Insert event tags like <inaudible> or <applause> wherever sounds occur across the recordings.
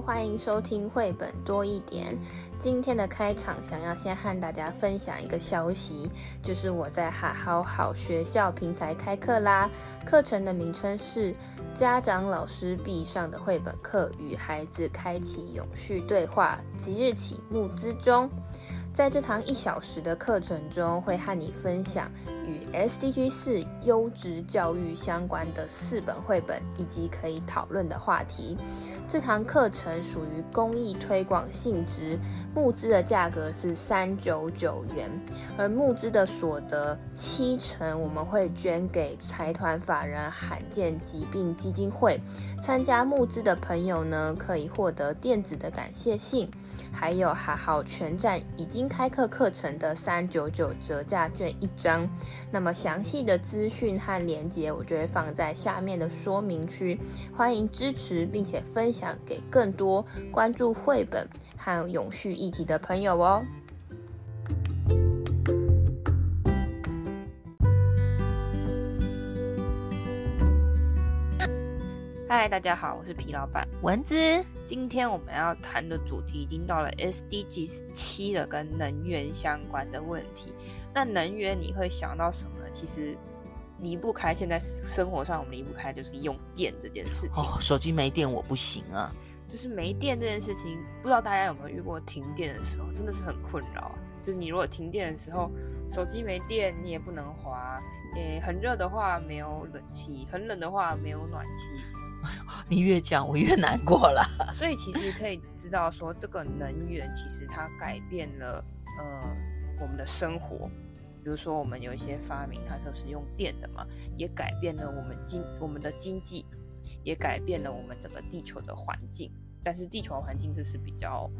歡迎收聽繪本多一點。今天的開場，想要先和大家分享一個消息，就是我在 Hahow 好學校平台開課啦。課程的名稱是家長老師必上的繪本課，與孩子開啟永續對話。即日起募資中。在這堂一小時的課程中，會和你分享與 SDG 四優質教育相關的四本繪本以及可以討論的話題。這堂課程屬於公益推廣性質，募資的價格是三九九元，而募資的所得七成我們會捐給財團法人罕見疾病基金會。參加募資的朋友呢，可以獲得電子的感謝信。還有 Hahow 全站已經開課課程的三九九折價券一張，那麼詳細的資訊和連結我就會放在下面的說明區，歡迎支持並且分享給更多關注繪本和永續議題的朋友哦。嗨，大家好，我是皮老闆蚊子。今天我們要談的主題已經到了 SDG 七的跟能源相關的問題。那能源你會想到什麼呢？其實離不開現在生活上我們離不開就是用電這件事情。哦，手機沒電我不行啊。就是沒電這件事情，不知道大家有沒有遇過停電的時候，真的是很困擾啊。就是你如果停電的時候，手機沒電你也不能滑，誒、欸，很熱的話沒有冷氣，很冷的話沒有暖氣。你越講我越難過了。所以其實可以知道說，這個能源其實它改變了呃我們的生活，比如說我們有一些發明它都是用電的嘛，也改變了我們經我們的經濟，也改變了我們整個地球的環境。但是地球環境這是比較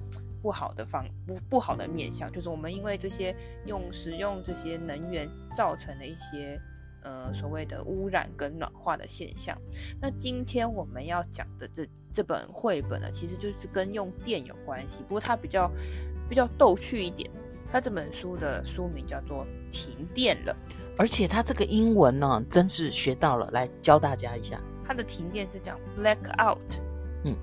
不好的方不不好的面向，就是我們因為這些用使用這些能源造成的一些。呃，所謂的污染跟暖化的現象。那今天我們要講的這這本繪本呢，其實就是跟用電有關係。不過它比較比較逗趣一點。它這本書的書名叫做《停電了》，而且它這個英文呢、啊，真是學到了，來教大家一下。它的停電是講 “blackout”。嗯，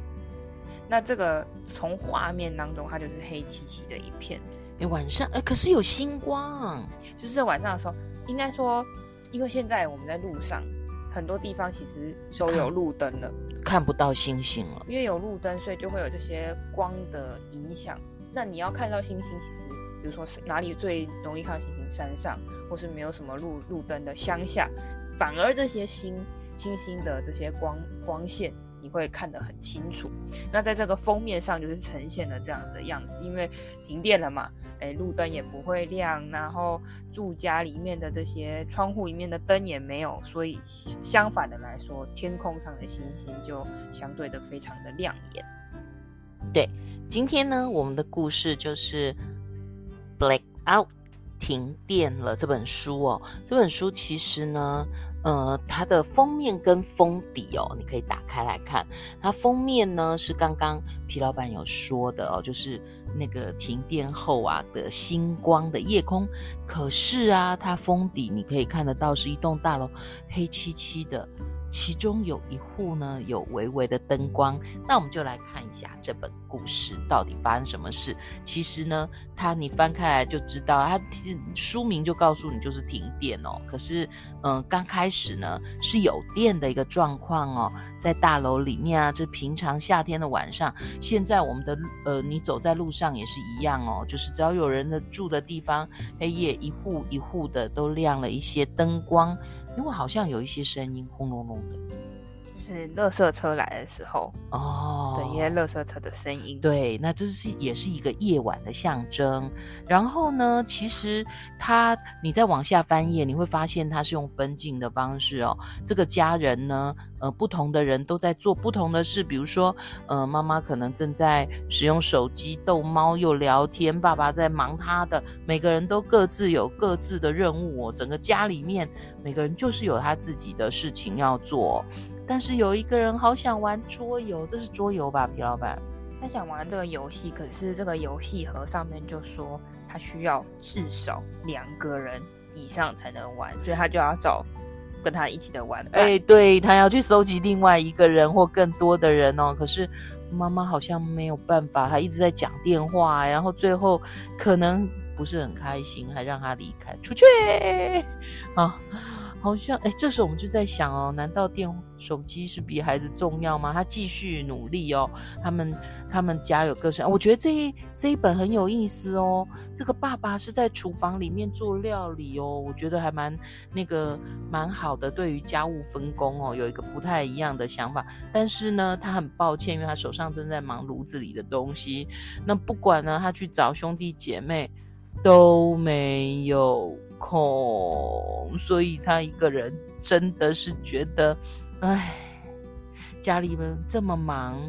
那這個從畫面當中，它就是黑漆漆的一片。哎，晚上，哎，可是有星光，就是在晚上的時候，應該說。因為現在我們在路上，很多地方其實都有路燈了，看不到星星了。因為有路燈，所以就會有這些光的影響。那你要看到星星，其實比如說是哪裡最容易看到星星？山上或是沒有什麼路路燈的鄉下，反而這些星星星的這些光光線。你會看得很清楚。那在這個封面上就是呈現了這樣的樣子，因為停電了嘛，誒路燈也不會亮，然後住家裡面的這些窗戶裡面的燈也沒有，所以相反的來說，天空上的星星就相對的非常的亮眼。對，今天呢，我們的故事就是《Blackout 停電了》這本書哦。這本書其實呢。呃，它的封面跟封底哦，你可以打開來看。它封面呢是剛剛皮老板有說的哦，就是那個停電後啊的星光的夜空。可是啊，它封底你可以看得到是一棟大樓，黑漆漆的。其中有一戶呢，有微微的燈光，那我們就來看一下這本故事到底發生什麼事？其實呢，它你翻開來就知道，它其實書名就告訴你就是停電哦。可是，嗯、呃，剛開始呢是有電的一個狀況哦，在大樓裡面啊，這平常夏天的晚上，現在我們的呃，你走在路上也是一樣哦，就是只要有人的住的地方，黑夜一戶一戶的都亮了一些燈光。因為好像有一些聲音，轟隆隆的。是垃圾車來的時候哦，對，等一些垃圾車的聲音。對，那這是也是一個夜晚的象徵。然後呢，其實他，你再往下翻頁，你會發現他是用分鏡的方式哦。這個家人呢，呃，不同的人都在做不同的事，比如說，呃，媽媽可能正在使用手機逗貓又聊天，爸爸在忙他的，每個人都各自有各自的任務哦。整個家裡面，每個人就是有他自己的事情要做。但是有一個人好想玩桌遊，這是桌遊吧，皮老板？他想玩這個遊戲，可是這個遊戲盒上面就說他需要至少兩個人以上才能玩，所以他就要找跟他一起的玩伴哎、欸，對他要去蒐集另外一個人或更多的人哦、喔。可是媽媽好像沒有辦法，他一直在講電話、欸，然後最後可能不是很開心，還讓他離開出去啊。好像哎、欸，這時候我們就在想哦，難道電，手機是比孩子重要嗎？他繼續努力哦。他們他們家有個性，我覺得這一這一本很有意思哦。這個爸爸是在廚房裡面做料理哦，我覺得還蠻那個蠻好的，對於家務分工哦，有一個不太一樣的想法。但是呢，他很抱歉，因為他手上正在忙爐子裡的東西。那不管呢，他去找兄弟姐妹都沒有。恐，所以他一個人真的是覺得，哎，家裡面這麼忙，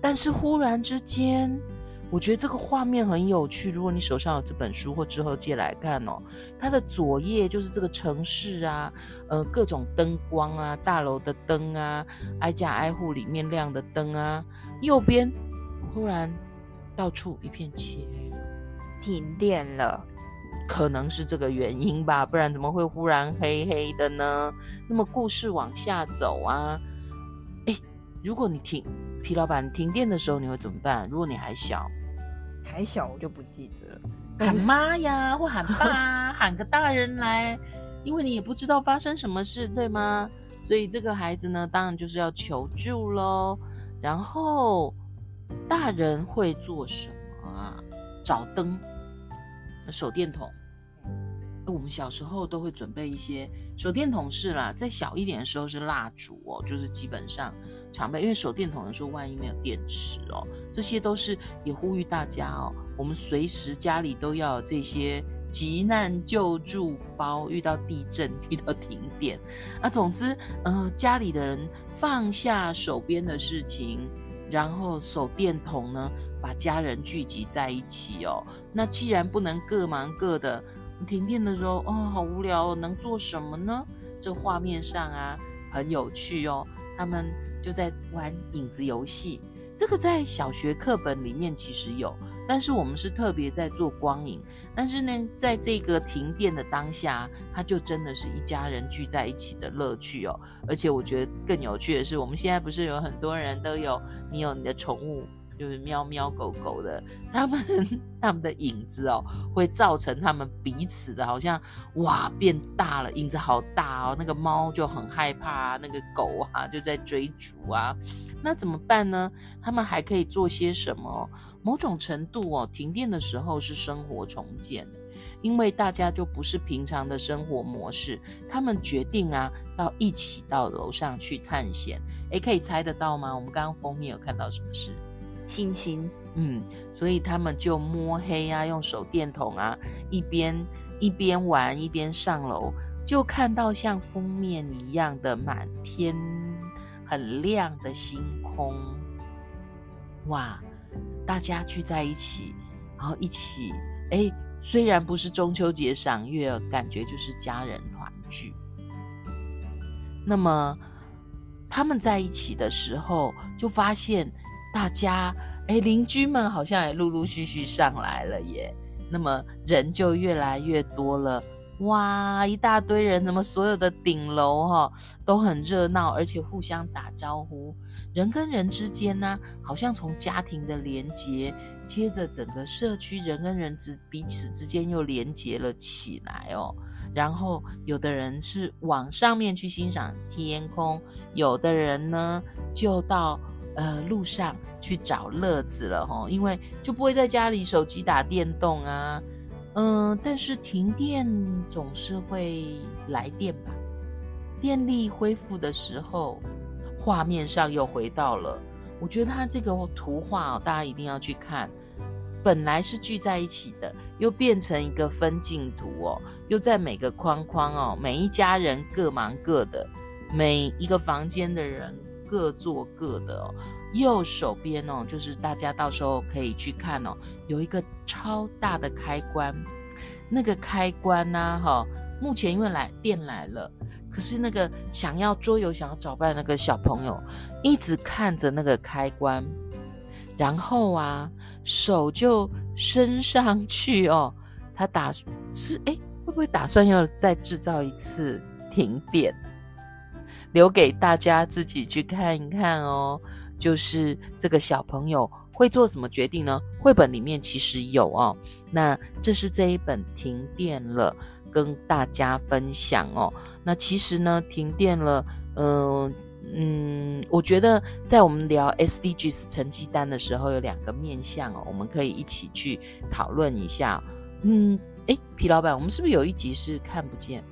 但是忽然之間，我覺得這個畫面很有趣。如果你手上有這本書，或之後借來看哦，它的左頁就是這個城市啊，呃，各種燈光啊，大樓的燈啊，挨家挨戶裡面亮的燈啊，右邊忽然到處一片漆黑，停電了。可能是這個原因吧，不然怎麼會忽然黑黑的呢？那麼故事往下走啊，誒，如果你停皮老板停電的時候，你會怎麼辦？如果你還小，還小我就不記得了，喊媽呀，或喊爸， <laughs> 喊個大人來，因為你也不知道發生什麼事，對嗎？所以這個孩子呢，當然就是要求救嘍。然後大人會做什麼啊？找燈。手電筒，我們小時候都會準備一些手電筒是啦，在小一點的時候是蠟燭哦，就是基本上常備，因為手電筒的時候萬一沒有電池哦，這些都是，也呼籲大家哦，我們隨時家裡都要有這些急難救助包，遇到地震、遇到停電啊，總之，呃，家裡的人放下手邊的事情。然後手電筒呢，把家人聚集在一起哦。那既然不能各忙各的，停電的時候哦，好無聊哦，能做什麼呢？這畫面上啊，很有趣哦。他們就在玩影子遊戲，這個在小學課本裡面其實有。但是我們是特別在做光影，但是呢，在這個停電的當下，它就真的是一家人聚在一起的樂趣哦。而且我覺得更有趣的是，我們現在不是有很多人都有，你有你的寵物。就是喵喵狗狗的，他們他們的影子哦，會造成他們彼此的好像哇變大了，影子好大哦。那個貓就很害怕啊，那個狗啊就在追逐啊。那怎麼辦呢？他們還可以做些什麼？某種程度哦，停電的時候是生活重建，因為大家就不是平常的生活模式。他們決定啊，到一起到樓上去探險。欸，可以猜得到嗎？我們剛剛封面有看到什麼事？星星，嗯，所以他們就摸黑啊，用手電筒啊，一邊一邊玩一邊上樓，就看到像封面一樣的滿天很亮的星空，哇！大家聚在一起，然後一起，誒，雖然不是中秋節賞月，感覺就是家人團聚。那麼他們在一起的時候，就發現。大家哎，鄰居們好像也陸陸續續上來了耶，那麼人就越來越多了。哇，一大堆人，怎麼所有的頂樓哈、哦，都很熱鬧，而且互相打招呼。人跟人之間呢，好像從家庭的連結，接着整個社區人跟人之彼此之間又連結了起來哦。然後有的人是往上面去欣賞天空，有的人呢就到呃路上。去找樂子了齁，因為就不會在家裡手機打電動啊，嗯，但是停電總是會來電吧？電力恢復的時候，畫面上又回到了。我覺得他這個圖畫哦，大家一定要去看，本來是聚在一起的，又變成一個分鏡圖哦，又在每個框框哦，每一家人各忙各的，每一個房間的人各做各的哦。右手邊哦，就是大家到時候可以去看哦，有一個超大的開關，那個開關呢，哈，目前因為來電來了，可是那個想要桌遊、想要找伴那個小朋友，一直看着那個開關，然後啊，手就伸上去哦，他打，是，誒，會不會打算要再製造一次停電？留給大家自己去看一看哦。就是這個小朋友會做什麼決定呢？繪本裡面其實有哦。那這是這一本停電了，跟大家分享哦。那其實呢，停電了，嗯，呃，嗯，我覺得在我們聊 SDGs 成績單的時候，有兩個面向哦，我們可以一起去討論一下哦。嗯，誒，皮老板，我們是不是有一集是看不見？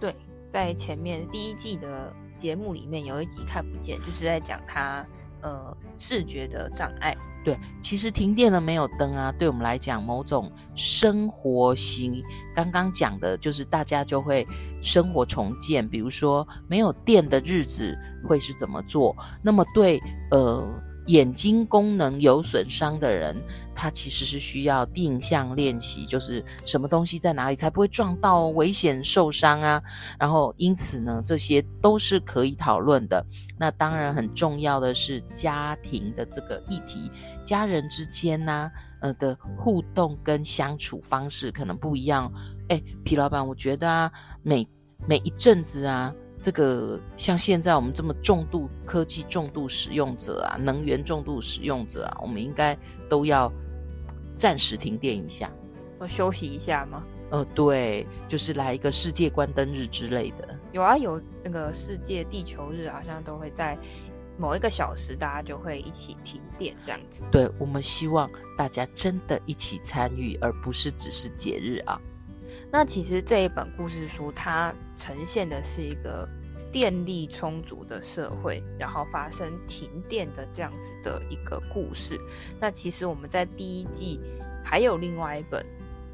對，在前面第一季的節目裡面有一集看不見，就是在講他。呃，視覺的障礙。對，其實停電了沒有燈啊，對我們來講，某種生活型，剛剛講的就是大家就會生活重建，比如說沒有電的日子會是怎麼做？那麼對，呃。眼睛功能有損傷的人，他其實是需要定向練習，就是什麼東西在哪裡，才不會撞到危險受傷啊。然後因此呢，這些都是可以討論的。那當然很重要的是家庭的這個議題，家人之間呢、啊，呃的互動跟相處方式可能不一樣。誒，皮老板，我覺得啊，每每一陣子啊。這個像現在我們這麼重度科技重度使用者啊，能源重度使用者啊，我們應該都要暫時停電一下，或休息一下嗎？呃，對，就是來一個世界關燈日之類的。有啊，有那個世界地球日，好像都會在某一個小時，大家就會一起停電這樣子。對，我們希望大家真的一起參與，而不是只是節日啊。那其實這一本故事書，它呈現的是一個電力充足的社會，然後發生停電的這樣子的一個故事。那其實我們在第一季還有另外一本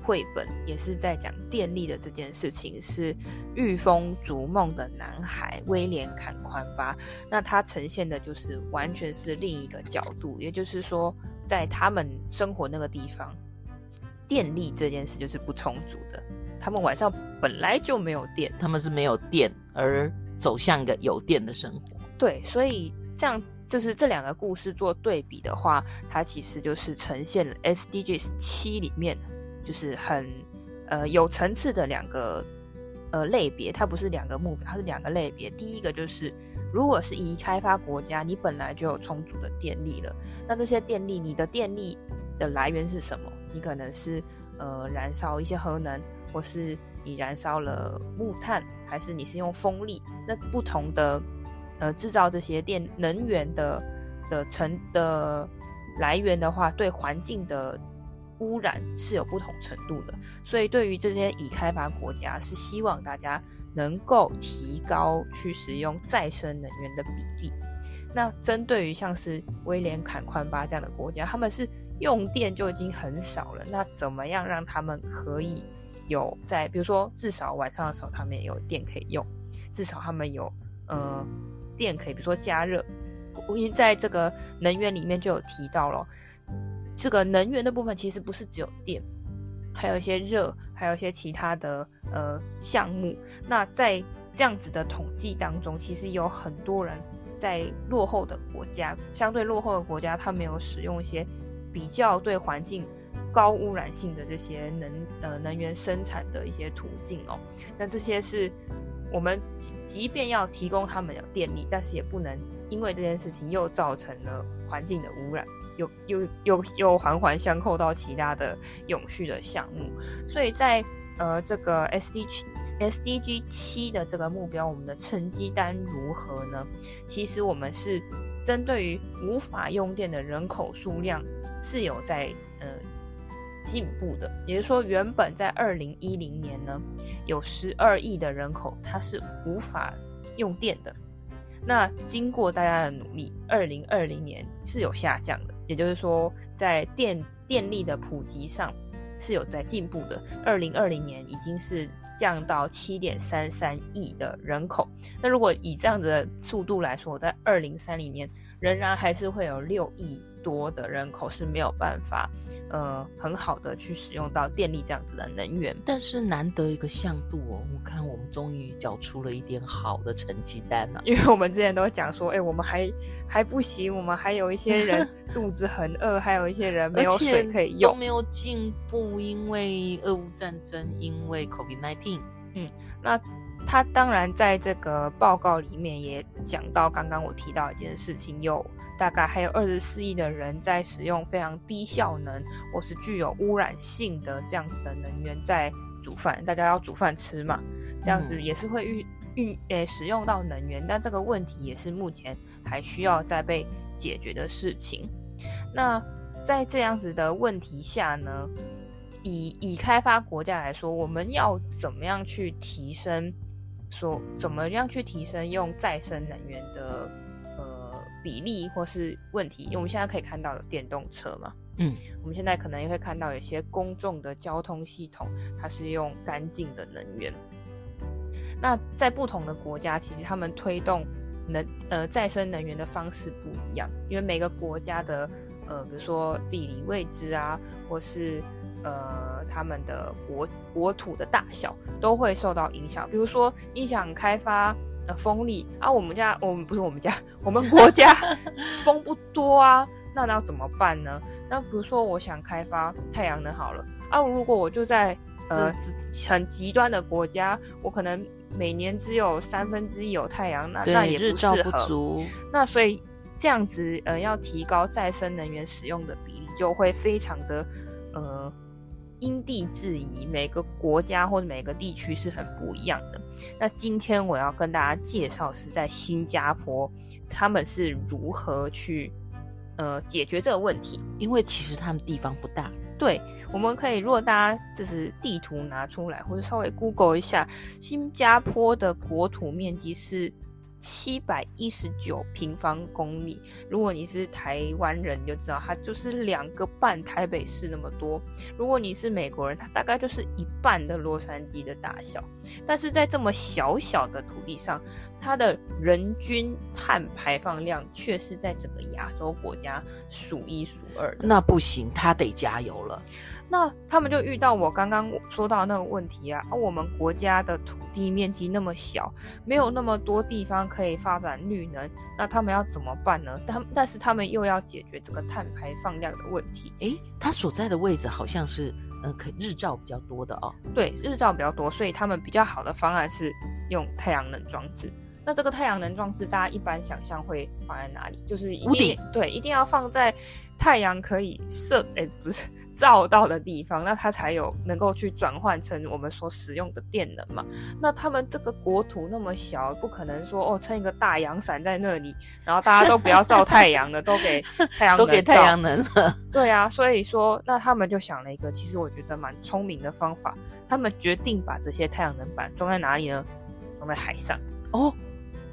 繪本，也是在講電力的這件事情，是《馭風逐夢的男孩》威廉坎寬巴。那它呈現的就是完全是另一個角度，也就是說，在他們生活那個地方，電力這件事就是不充足的。他們晚上本來就沒有電，他們是沒有電而走向一個有電的生活。對，所以這樣就是這兩個故事做對比的話，它其實就是呈現了 SDGs 七裡面就是很呃有層次的兩個呃類別，它不是兩個目標，它是兩個類別。第一個就是，如果是已開發國家，你本來就有充足的電力了，那這些電力，你的電力的來源是什麼？你可能是呃燃燒一些核能。或是你燃燒了木炭，還是你是用風力？那不同的呃製造這些電能源的的成的來源的話，對環境的污染，是有不同程度的。所以對於這些已開發國家，是希望大家能夠提高去使用再生能源的比例。那針對於像是威廉坎寬巴這樣的國家，他們是用電就已經很少了，那怎麼樣讓他們可以？有在，比如說至少晚上的時候，他們也有電可以用；至少他們有呃電可以，比如說加熱。因為在這個能源裡面就有提到了，這個能源的部分其實不是只有電，還有一些熱，還有一些其他的呃項目。那在這樣子的統計當中，其實有很多人在落後的國家，相對落後的國家，他們有使用一些比較對環境。高污染性的這些能呃能源生產的一些途徑哦，那這些是我們即便要提供他們的電力，但是也不能因為這件事情又造成了環境的污染，又又又又環環相扣到其他的永續的項目。所以在呃這個 S D S D G 七的這個目標，我們的成績單如何呢？其實我們是針對於無法用電的人口數量是有在呃。進步的，也就是說，原本在二零一零年呢，有十二億的人口它是無法用電的。那經過大家的努力，二零二零年是有下降的，也就是說，在電電力的普及上是有在進步的。二零二零年已經是降到七點三三億的人口。那如果以這樣的速度來說，在二零三零年仍然還是會有六億。多的人口是沒有辦法，呃，很好的去使用到電力這樣子的能源。但是難得一個向度哦，我看我們終於交出了一點好的成績單了，啊，因為我們之前都講說，哎、欸，我們還還不行，我們還有一些人肚子很餓， <laughs> 還有一些人沒有水可以用，都沒有進步，因為俄烏戰爭，因為 COVID-19 嗯，那。他當然在這個報告裡面也講到，剛剛我提到一件事情，有大概還有二十四億的人在使用非常低效能或是具有污染性的這樣子的能源在煮飯，大家要煮飯吃嘛，這樣子也是會運運誒使用到能源，但這個問題也是目前還需要再被解決的事情。那在這樣子的問題下呢，以以開發國家來說，我們要怎麼樣去提升？說怎麼樣去提升用再生能源的呃比例，或是問題？因為我們現在可以看到有電動車嘛，嗯，我們現在可能也會看到有些公眾的交通系統它是用乾淨的能源。那在不同的國家，其實他們推動能呃再生能源的方式不一樣，因為每個國家的呃比如說地理位置啊，或是。呃，他們的國國土的大小都會受到影響。比如說，你想開發呃風力啊，我們家我們不是我們家，我們國家 <laughs> 風不多啊，那要怎麼辦呢？那比如說，我想開發太陽能好了啊，如果我就在呃很極端的國家，我可能每年只有三分之一有太陽，那那也不適合。那所以這樣子呃，要提高再生能源使用的比例，就會非常的呃。因地制宜，每個國家或者每個地區是很不一樣的。那今天我要跟大家介紹是在新加坡，他們是如何去呃解決這個問題。因為其實他們地方不大，對，我們可以如果大家就是地圖拿出來，或者稍微 Google 一下，新加坡的國土面積是。七百一十九平方公里。如果你是台灣人，就知道它就是兩個半台北市那麼多。如果你是美國人，它大概就是一半的洛杉磯的大小。但是在這麼小小的土地上，它的人均碳排放量卻是在整個亞洲國家數一數二。那不行，它得加油了。那他們就遇到我剛剛說到的那個問題啊，啊，我們國家的土地面積那麼小，沒有那麼多地方可以發展綠能，那他們要怎麼辦呢？他但是他們又要解決這個碳排放量的問題。誒，他所在的位置好像是，呃，可日照比較多的哦？對，日照比較多，所以他們比較好的方案是用太陽能裝置。那這個太陽能裝置，大家一般想象會放在哪裡？就是屋頂。對，一定要放在太陽可以射，誒，不是。照到的地方，那它才有能夠去轉換成我們所使用的電能嘛。那他們這個國土那麼小，不可能說哦，撐一個大洋傘在那裡，然後大家都不要照太陽了 <laughs> 都太，都給太陽都給太陽能了。對啊，所以說，那他們就想了一個，其實我覺得蠻聰明的方法。他們決定把這些太陽能板裝在哪裡呢？裝在海上哦。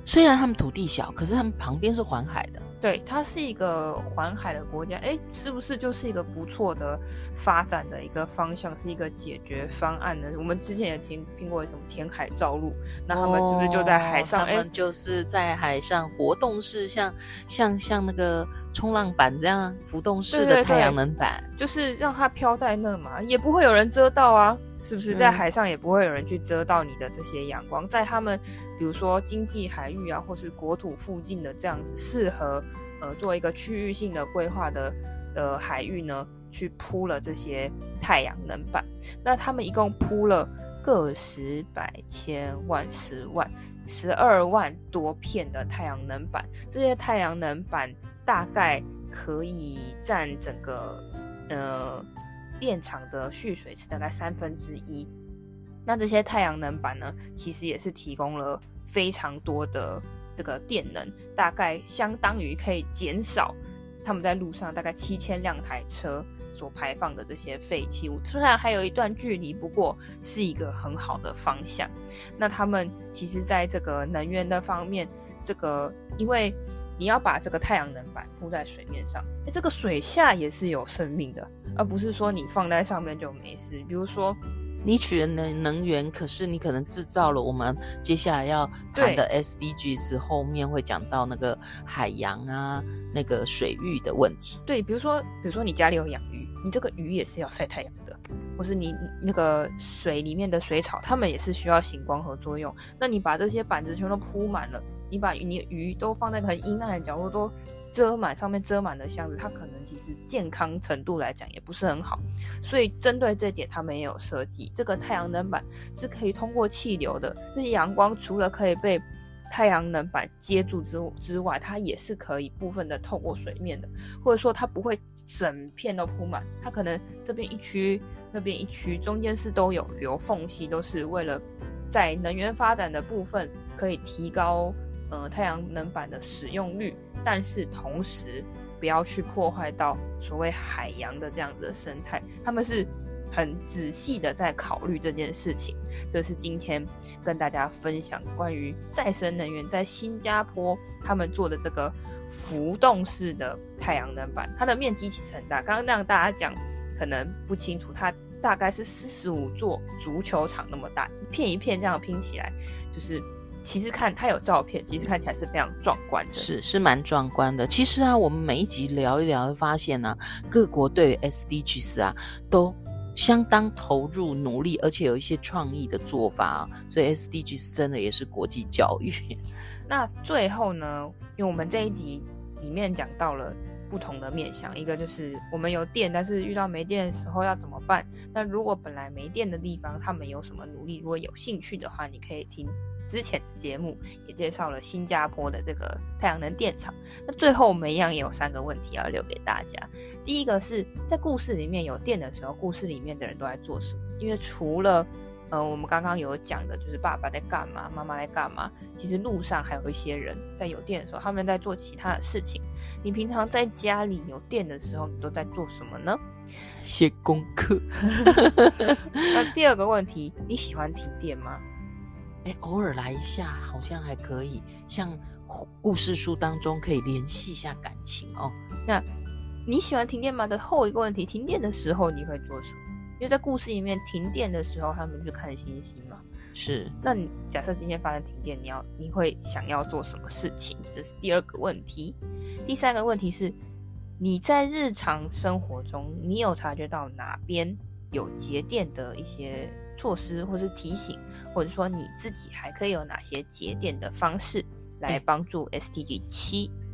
雖然他們土地小，可是他們旁邊是環海的。對，它是一個環海的國家，哎，是不是就是一個不錯的發展的一個方向，是一個解決方案呢？我們之前也聽聽過什麼填海造陸，那他們是不是就在海上？哦，他們就是在海上活動式像，像像像那個衝浪板這樣浮動式的太陽能板對對對，就是讓它飄在那嘛，也不會有人遮到啊。是不是在海上也不會有人去遮到你的這些陽光？嗯。在他們，比如說經濟海域啊，或是國土附近的這樣子適合，呃，做一個區域性的規劃的，呃，海域呢，去鋪了這些太陽能板。那他們一共鋪了個十、百、千、萬、十萬、十二萬多片的太陽能板。這些太陽能板大概可以佔整個，呃。電廠的蓄水池大概三分之一，那這些太陽能板呢，其實也是提供了非常多的這個電能，大概相當於可以減少他們在路上大概七千輛台車所排放的這些廢棄物。雖然還有一段距離，不過是一個很好的方向。那他們其實，在這個能源的方面，這個因為。你要把這個太陽能板鋪在水面上，哎，這個水下也是有生命的，而不是說你放在上面就沒事。比如說，你取了能能源，可是你可能製造了我們接下來要談的 SDGs，後面會講到那個海洋啊，那個水域的問題。對，比如說，比如說你家裡有養魚，你這個魚也是要曬太陽的，或是你那個水裡面的水草，它們也是需要行光合作用。那你把這些板子全都鋪滿了。你把魚你魚都放在很陰暗的角落，都遮滿上面遮滿的箱子，它可能其實健康程度來講也不是很好。所以針對這點它沒，他們也有設計這個太陽能板是可以通過氣流的。這些陽光除了可以被太陽能板接住之之外，它也是可以部分的透過水面的，或者說它不會整片都鋪滿，它可能這邊一區那邊一區，中間是都有留縫隙，都是為了在能源發展的部分可以提高，呃，太陽能板的使用率，但是同時不要去破壞到所謂海洋的這樣子的生態，他們是很仔細的在考慮這件事情。這是今天跟大家分享關於再生能源在新加坡他們做的這個浮動式的太陽能板，它的面積其實很大。剛剛那樣大家講可能不清楚，它大概是四十五座足球場那麼大，一片一片這樣拼起來就是。其實看他有照片，其實看起來是非常壯觀的，是是蠻壯觀的。其實啊，我們每一集聊一聊，就發現呢、啊，各國對於 SDGs 啊都相當投入努力，而且有一些創意的做法啊。所以 SDGs 真的也是國際教育。那最後呢，因為我們這一集裡面講到了，不同的面向，一個就是我們有電，但是遇到沒電的時候要怎麼辦？那如果本來沒電的地方，他們有什麼努力？如果有興趣的話，你可以聽之前的節目，也介紹了新加坡的這個太陽能電廠。那最後，我們一樣也有三個問題要留給大家。第一個是在故事裡面有電的時候，故事裡面的人都在做什麼？因為除了呃，我們剛剛有講的就是爸爸在幹嘛，媽媽在幹嘛。其實路上還有一些人在有電的時候，他們在做其他的事情。你平常在家裡有電的時候，你都在做什麼呢？寫功課。 <laughs> <laughs> 那第二個問題，你喜歡停電嗎？哎、欸，偶爾來一下好像還可以，像故事書當中可以聯繫一下感情哦。那你喜歡停電嗎？的後一個問題，停電的時候你會做什麼？因為在故事裡面，停電的時候他們去看星星嘛。是。那假設今天發生停電，你要你會想要做什麼事情？這、就是第二個問題。第三個問題是，你在日常生活中，你有察覺到哪邊有節電的一些措施，或是提醒，或者說你自己還可以有哪些節電的方式，來幫助 SDG7。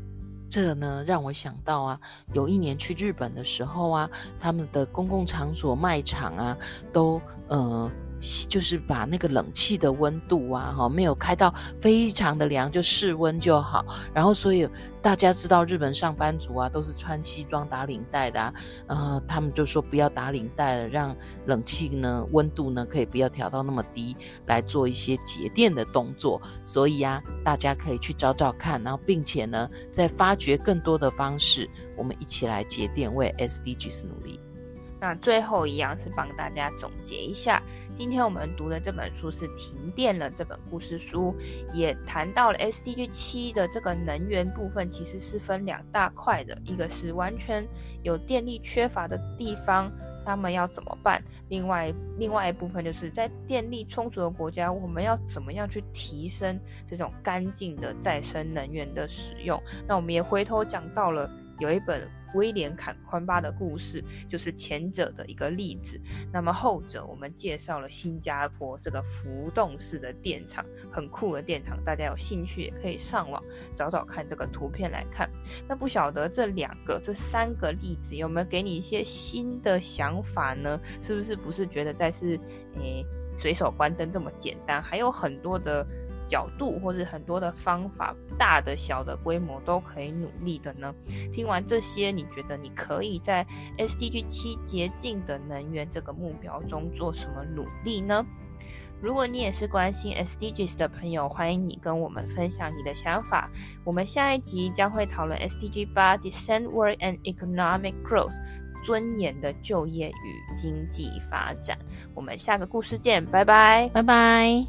這個呢，讓我想到啊，有一年去日本的時候啊，他們的公共場所、賣場啊，都呃。就是把那個冷氣的溫度啊，哈，沒有開到非常的涼，就室溫就好。然後，所以大家知道日本上班族啊，都是穿西裝打領帶的啊，呃，他們就說不要打領帶了，讓冷氣呢溫度呢可以不要調到那麼低，來做一些節電的動作。所以啊，大家可以去找找看，然後並且呢，再發掘更多的方式，我們一起來節電，為 SDGs 努力。那最後一樣是幫大家總結一下。今天我們讀的這本書是《停電了》這本故事書，也談到了 SDG 七的這個能源部分，其實是分兩大塊的，一個是完全有電力缺乏的地方，他們要怎麼辦？另外，另外一部分就是在電力充足的國家，我們要怎麼樣去提升這種乾淨的再生能源的使用。那我們也回頭講到了有一本。威廉坎寬巴的故事就是前者的一個例子。那麼後者，我們介紹了新加坡這個浮動式的電廠，很酷的電廠，大家有興趣也可以上網找找看這個圖片來看。那不曉得這兩個、這三個例子有沒有給你一些新的想法呢？是不是不是覺得在是誒、呃、隨手關燈這麼簡單？還有很多的。角度或是很多的方法，大的小的規模都可以努力的呢。聽完這些，你覺得你可以在 S D G 七潔淨的能源這個目標中做什麼努力呢？如果你也是關心 S D Gs 的朋友，歡迎你跟我們分享你的想法。我們下一集將會討論 S D G 八 Decent Work and Economic Growth，尊嚴的就業與經濟發展。我們下個故事見，拜拜，拜拜。